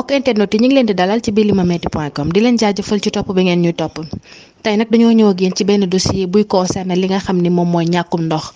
mbokk internet yi ñu ngi leen di dalal ci biir tey nag dañoo ñëw ak yéen ci benn dossier buy concerné li nga xam ni moom mooy ñàkkum ndox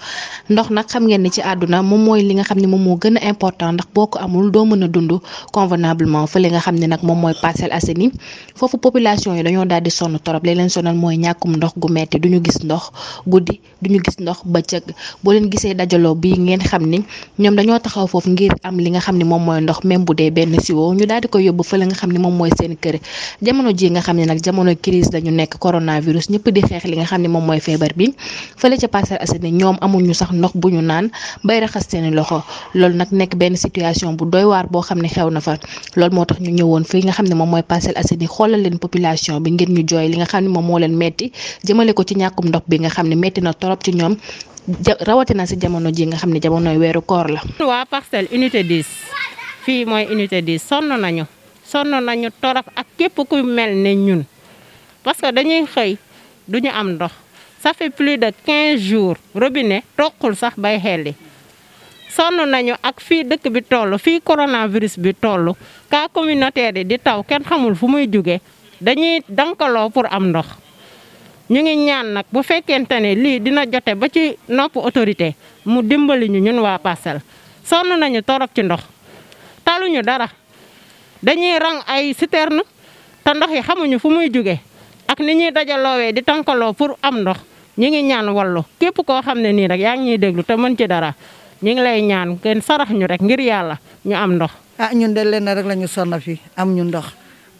ndox nag xam ngeen ni ci àdduna moom mooy li nga xam ni moom moo gën a important ndax boo ko amul doo mën a dund convenablement fa li nga xam ne nag moom mooy Parcelles Assainies foofu population yi dañoo daal di sonn torop li leen sonal mooy ñàkkum ndox gu metti duñu gis ndox guddi duñu gis ndox bëccëg boo leen gisee dajaloo bi ngeen xam ni ñoom dañoo taxaw foofu ngir am li nga xam ni moom mooy ndox même bu dee benn siwo ñu daal koy yóbbu fële nga xam ne moom mooy seen kër jamono ji nga xam ne nag jamono crise la ñu nekk coronavirus ñëpp di xeex li nga xam ne moom mooy feebar bi fële ca Parcelles Assainies ñoom amuñu sax ndox bu ñu naan bay raxas seeni loxo loolu nag nekk benn situation bu doy waar boo xam ne xew na fa loolu moo tax ñu ñëwoon fii nga xam ne moom mooy Parcelles Assainies xoolal leen population bi ngir ñu jooy li nga xam ne moom moo leen metti jëmale ko ci ñàkkum ndox bi nga xam ne metti na torop ci ñoom rawatina si jamono ji nga xam ne jamonoy weeru koor la. fii mooy unité di sonn nañu sonn nañu torop ak képp ku mel ne ñun parce que dañuy xëy duñu am ndox ça fait plus de 15 jours robine toqul sax bay xelli sonn nañu ak fii dëkk bi toll fii coronavirus bi toll cas communautaire yi di taw kenn xamul fu muy jóge dañuy dankaloo pour am ndox ñu ngi ñaan nag bu fekkente ne lii dina jote ba ci nopp autorité mu dimbali ñu ñun waa Parcelles sonn nañu torop ci ndox taluñu dara dañuy ran ay citerne te ndox yi xamuñu fu muy jóge ak ni ñuy dajaloowee di tànkaloo pour am ndox ñi ngi ñaan wallu képp koo xam ne nii rek yaa ngi ñuy déglu te mën ci dara ñi ngi lay ñaan kenn sarax ñu rek ngir yàlla ñu am ndox. ah ñun de lenn rek lañu ñu sonn fii am ñu ndox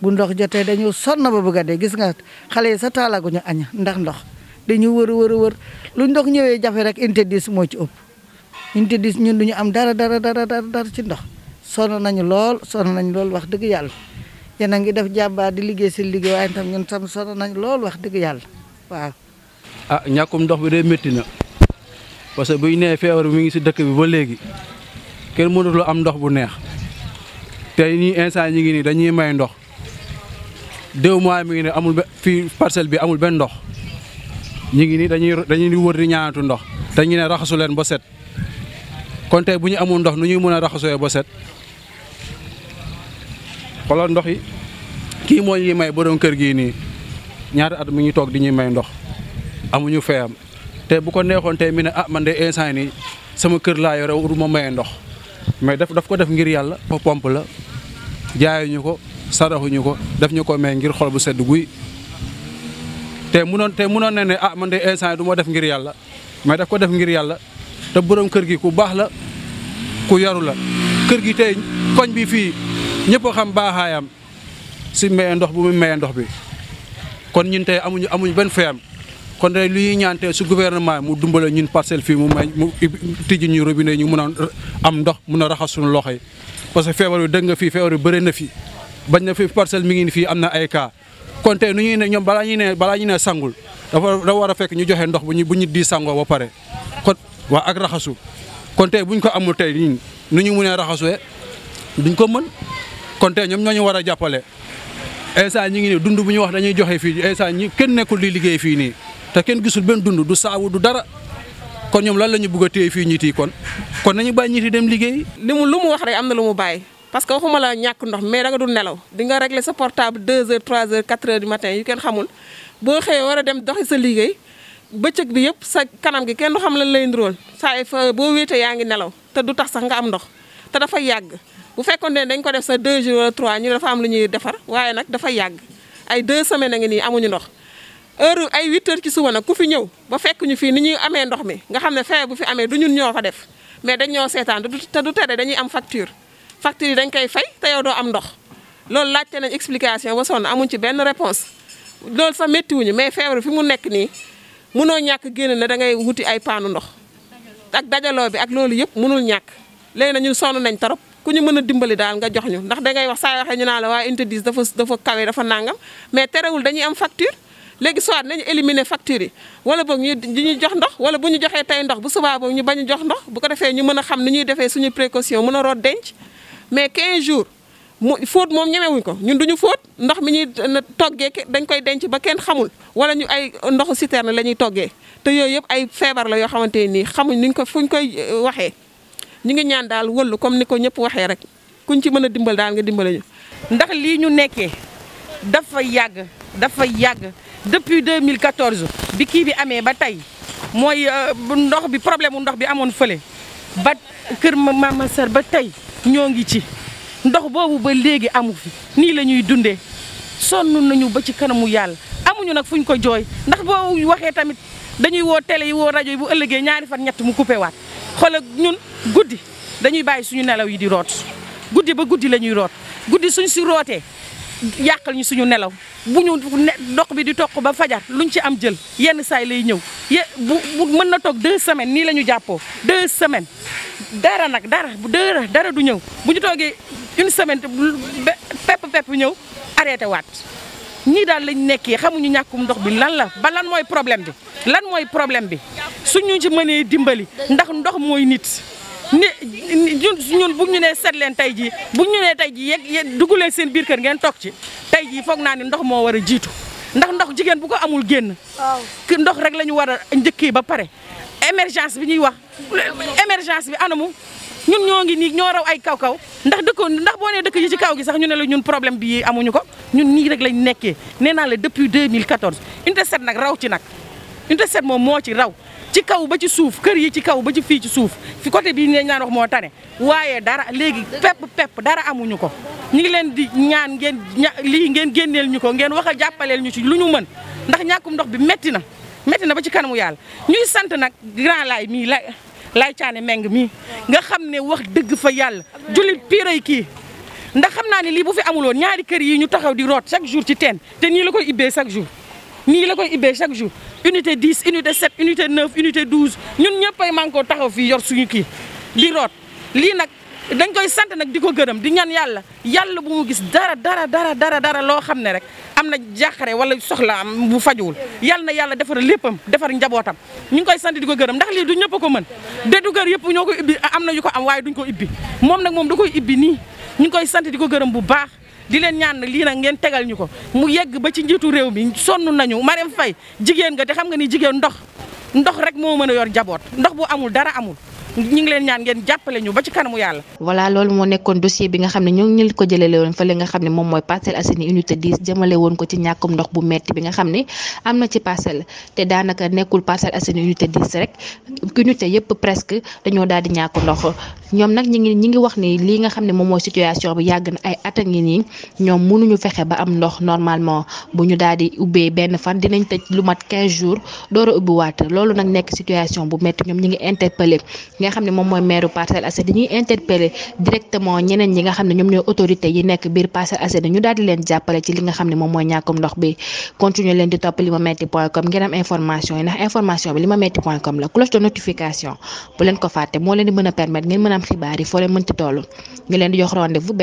bu ndox jotee dañu sonn ba bëgg a dee gis nga xale yi sa taalagu ñu añ ndax ndox dañu wër wër wër lu ndox ñëwee jafe rek interdit moo ci ëpp interdit ñun duñu am dara dara dara dara ci ndox. sonn nañu lool sonn nañu lool wax deug yalla yena ngi def jàmbaar di liggéey ci liggéey way tam ñun tam sonn nañu lool wax deug yalla waaw. ah ñakum ndox bi day metti na parce que buy ñu nee mi ngi ci dëkk bi ba léegi kenn mënatul am ndox bu neex tay ni instant ñi ngi ni dañuy may ndox deux mois mi ngi ni amul fi parcelle bi amul ben ndox ñi ngi ni dañuy dañuy wër di ñaanatu ndox dañuy ñu ne raxasu leen ba set. kon tey bu amul ndox nu ñuy mën ba set kolon ndox yi ki moo ñuy may borom kër gi ni ñaar at mu ñu tok di ñi may ndox amuñu feyam te bu ko neexon té mi ah man dé instant ni sama kër la yore wu ma may ndox mais daf daf ko def ngir yalla po pompe la jaayuñu ko saraxuñu ko daf ñu ko may ngir xol bu sedd guy te munon te munon né ne ah man dé instant du ma def ngir yalla mais daf ko def ngir yalla té borom kër gi ku bax la ku yaru la kër gi tey koñ bi fi ñëpp xam baaxaayam si maye ndox bu muy maye ndox bi kon ñun tey amuñu amuñu benn fayam kon tey lu ñuy ñaan tey su gouvernement mu dumbale ñun parcelle fii mu may mu tijji ñu robinet ñu mun a am ndox mun a raxas suñu loxo yi parce que feebar yu dëgg nga fii feebar yu bëri na fi bañ na fi parcelle mi ngi fii am na ay cas kon tey nu ñuy ne ñuy ne balaa ñuy ne sangul dafa dafa war a fekk ñu joxe ndox bu ñu bu ñu di sangoo ba pare kon waa ak raxasu kon tey ko amul tey nu ñu mënee raxasoo duñ ko mën. kon tey ñoom ñoo ñu war a jàppale instant ñi ngi nii dund bu ñu wax dañuy joxe fii instant ñi kenn nekkul di liggéey fii nii te kenn gisul benn dund du saawu du dara kon ñoom lan la ñu bëgg a téye fii ñiit yi kon kon nañu bàyyi ñiit yi dem liggéey. ni mu lu mu wax rek am na lu mu bàyyi parce que waxuma la ñàkk ndox mais danga dul nelaw di nga régler sa portable 2 heures 3 heures 4 heures du matin yu kenn xamul boo xëyee war a dem doxi sa liggéey. bëccëg bi yëpp sa kanam gi kenn xam lan lay ndróol saa fa boo wéetee yaa ngi nelaw te du tax sax nga am ndox te yàgg bu fekkoon ne dañ ko def sa 2 jours 3 ñu dafa am lu ñuy defar waaye nag dafa yag, ay 2 semaines a ngi nii amuñu ndox heure ay 8 heures ci suba nag ku fi ñëw ba fekk ñu fii ni ñuy amee ndox mi nga xam ne fee bu fi amee du ñun ñoo fa def mais dañ ñoo seetaan te du tere dañuy am facture facture yi dañ koy fay te yow doo am ndox loolu laajte nañ explication ba sonn amuñ ci benn réponse loolu sax méttiwuñu mais feebar fi mu nekk nii mënoo ñàkk génn ne da ngay wuti ay paanu ndox ak dajaloo bi ak loolu yëpp mënul ñàkk léegi na ñun sonn nañ trop ku ñu mën a dimbali daal nga jox ñu ndax dangay wax saa waxee ñu naa la waa unité 10 dafa dafa kawe dafa nangam mais terewul dañuy am facture léegi soit nañu éliminer facture yi wala boog ñu ñu jox ndox wala bu ñu joxee tey ndox bu subaa boog ñu bañ a jox ndox bu ko defee ñu mën a xam ni ñuy defee suñu précaution mën a root denc mais 15 jours mu fóot moom ñemewuñ ko ñun duñu fóot ndox mi ñuy toggee dañ koy denc ba kenn xamul wala ñu ay ndoxu citerne la ñuy toggee te yooyu yëpp ay feebar la yoo xamante nii xamuñ nuñ ko fuñ koy euh, waxee ñu ngi ñaan daal wëllu comme ni ko ñëpp waxee rek kuñ ci mën a dimbal daal nga dimbale ñu. ndax lii ñu nekkee dafa yàgg dafa yàgg depuis 2014 bi kii bi amee ba tey mooy euh, ndox bi problème mu ndox bi amoon fële ba kër ma maama sër ba tey ñoo ngi ci ndox boobu ba léegi amu fi nii la ñuy dundee sonn nañu ba ci kanamu yàlla amuñu nag fuñ ko jooy ndax boo waxee tamit dañuy woo télé yi woo rajo yi bu ëllëgee ñaari fan ñett mu coupé xool ak ñun guddi dañuy bàyyi suñu nelaw yi di root guddi ba guddi la ñuy root guddi suñu si rootee yàqal ñu suñu nelaw bu ñu dox bi di toq ba fajar luñ ci am jël yenn saay lay ñëw ye bu mën na toog deux semaines nii la ñu jàppoo deux semaines dara nag dara dara dara du ñëw bu ñu toogee une semaine pepp pepp ñëw arrêté waat ñii daal lañ nekkee xamuñu ñàkkum ndox bi lan la ba lan mooy problème bi lan mooy problème bi suñu ci mënee dimbali ndax ndox mooy nit ni ñun ñun bu ñu nee seet leen tey jii bu ñu nee tey jii yegg dugg leen seen biir kër ngeen toog ci tey jii foog naa ne ndox moo war a jiitu ndax ndox jigéen bu ko amul génn ndox rek la ñu war a njëkkee ba pare émergence bi ñuy wax émergence bi anamu ñun ñoo ngi nii ñoo raw ay kaw kaw ndax dëkkoon ndax boo nee dëkk yi ci kaw gi sax ñu ne la ñun problème bi amuñu ko ñun nii rek lañ nekkee nee naa la depuis 2014 unité 7 nag raw ci nag unité 7 moom moo ci raw ci kaw ba ci suuf kër yi ci kaw ba ci fii ci suuf fi côté bii ñu ñaan wax moo tane waaye dara léegi pepp pepp dara amuñu ko ñu ngi leen di ñaan ngeen lii ngeen génneel ñu ko ngeen wax a jàppaleel ñu ci lu ñu mën ndax ñàkkum ndox bi metti na metti na ba ci kanamu yàlla ñuy sant nag grand laay mii la laay caane meng mii nga xam ne wax dëgg fa yàlla jullit piiray kii ndax xam naa ne lii bu fi amuloon ñaari kër yi ñu taxaw di root chaque jour ci teen te nii la ko ibbee chaque jour Nous la chaque jour unité 10 unité 7 unité 9 unité 12 ñun une man koo taxaw fii yor suñu di dañ koy Nous sommes di dara dara dara dara dara wala am du di leen ñaan lii nag ngeen tegal ñu ko mu yegg ba ci njiitu réew mi sonn nañu Marème fay jigéen nga te xam nga ni jigéen ndox ndox rek moo mën a yor jaboot ndox bu amul dara amul ñu ngi ngeen jàppale ñu ba ci kanamu yàlla. voilà loolu moo nekkoon xam ne ñoo ngi ko jëlale woon fële nga xam ne moom mooy Parcelles Assainies unité 10 ko ci ñàkkum ndox bu metti bi nga xam ne am na ci parcelle te daanaka nekkul Parcelles Assainies unité 10 rek unité yëpp presque dañoo daal di ñàkk ndox ñoom nag ñi ngi ñi ngi wax ni li nga xam ne moom mooy situation bi yàgg na ay at a ngi nii ñoom mënuñu fexe ba am ndox normalement bu ñu daal di ubbee benn fan dinañ tëj lu mat 15 jours door a ubbiwaat loolu nag nekk situation bu metti ñoom ñi ngi interpellé nga xam ne moom mooy maire Parcelles Assainies dañuy interpeller directement ñeneen ñi nga xam ne ñoom ñooy autorité yi nekk biir Parcelles Assainies ñu daal di leen jàppale ci li nga xam ne moom mooy ñàkkum ndox bi continuer leen di topp limametti point com ngeen information yi ndax information bi limametti point com la cloche de notification bu leen ko fàtte moo leen di mën a permettre ngeen mën xibaar yi foo leen mënti toll ñu leen di jox rendez-vous